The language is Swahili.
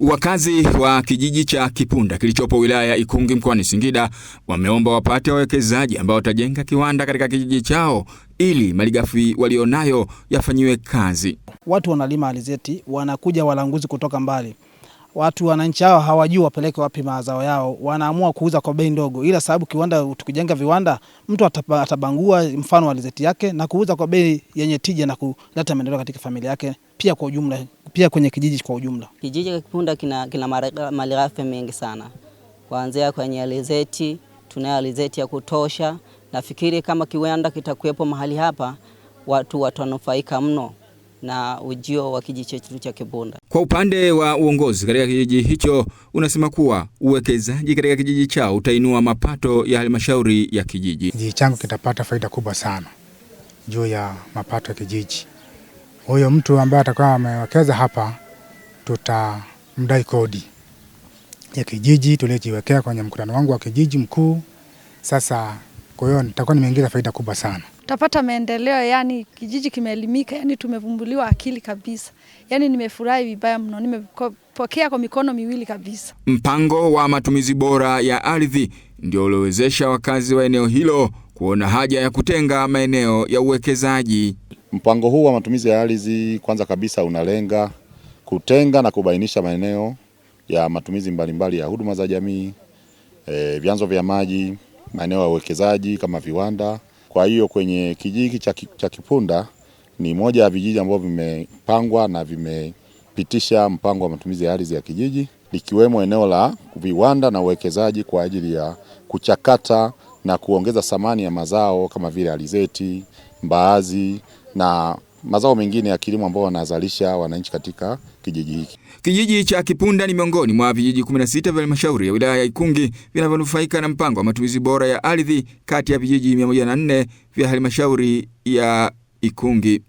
Wakazi wa kijiji cha Kipunda kilichopo wilaya ya Ikungi mkoani Singida wameomba wapate wawekezaji ambao watajenga kiwanda katika kijiji chao ili malighafi walionayo yafanyiwe kazi. Watu wanalima alizeti, wanakuja walanguzi kutoka mbali watu wananchi hao hawajui wapeleke wapi mazao yao, wanaamua kuuza kwa bei ndogo, ila sababu kiwanda, tukijenga viwanda, mtu atabangua mfano wa alizeti yake na kuuza kwa bei yenye tija na kuleta maendeleo katika familia yake, pia kwa ujumla, pia kwenye kijiji kwa ujumla. Kijiji cha Kipunda kina, kina malighafi mengi sana, kuanzia kwenye alizeti. Tunayo alizeti ya kutosha. Nafikiri kama kiwanda kitakuwepo mahali hapa, watu watanufaika mno na ujio wa kijiji chetu cha Kipunda. Kwa upande wa uongozi katika kijiji hicho unasema kuwa uwekezaji katika kijiji chao utainua mapato ya halmashauri ya kijiji. Kijiji changu kitapata faida kubwa sana juu ya mapato ya kijiji. Huyo mtu ambaye atakuwa amewekeza hapa, tutamdai kodi ya kijiji tuliyojiwekea kwenye mkutano wangu wa kijiji mkuu. Sasa kwa hiyo nitakuwa nimeingiza faida kubwa sana utapata maendeleo, yani kijiji kimeelimika, yani tumevumbuliwa akili kabisa. Yani nimefurahi vibaya mno, nimepokea kwa mikono miwili kabisa. Mpango wa matumizi bora ya ardhi ndio uliowezesha wakazi wa eneo hilo kuona haja ya kutenga maeneo ya uwekezaji. Mpango huu wa matumizi ya ardhi, kwanza kabisa, unalenga kutenga na kubainisha maeneo ya matumizi mbalimbali ya huduma za jamii, e, vyanzo vya maji, maeneo ya uwekezaji kama viwanda kwa hiyo kwenye kijiji cha Kipunda ni moja ya vijiji ambavyo vimepangwa na vimepitisha mpango wa matumizi ya ardhi ya kijiji likiwemo eneo la viwanda na uwekezaji kwa ajili ya kuchakata na kuongeza thamani ya mazao kama vile alizeti, mbaazi na mazao mengine ya kilimo ambao wanazalisha wananchi katika kijiji hiki. Kijiji cha Kipunda ni miongoni mwa vijiji 16 vya halmashauri ya wilaya ya Ikungi vinavyonufaika na mpango wa matumizi bora ya ardhi kati ya vijiji 104 vya halmashauri ya Ikungi.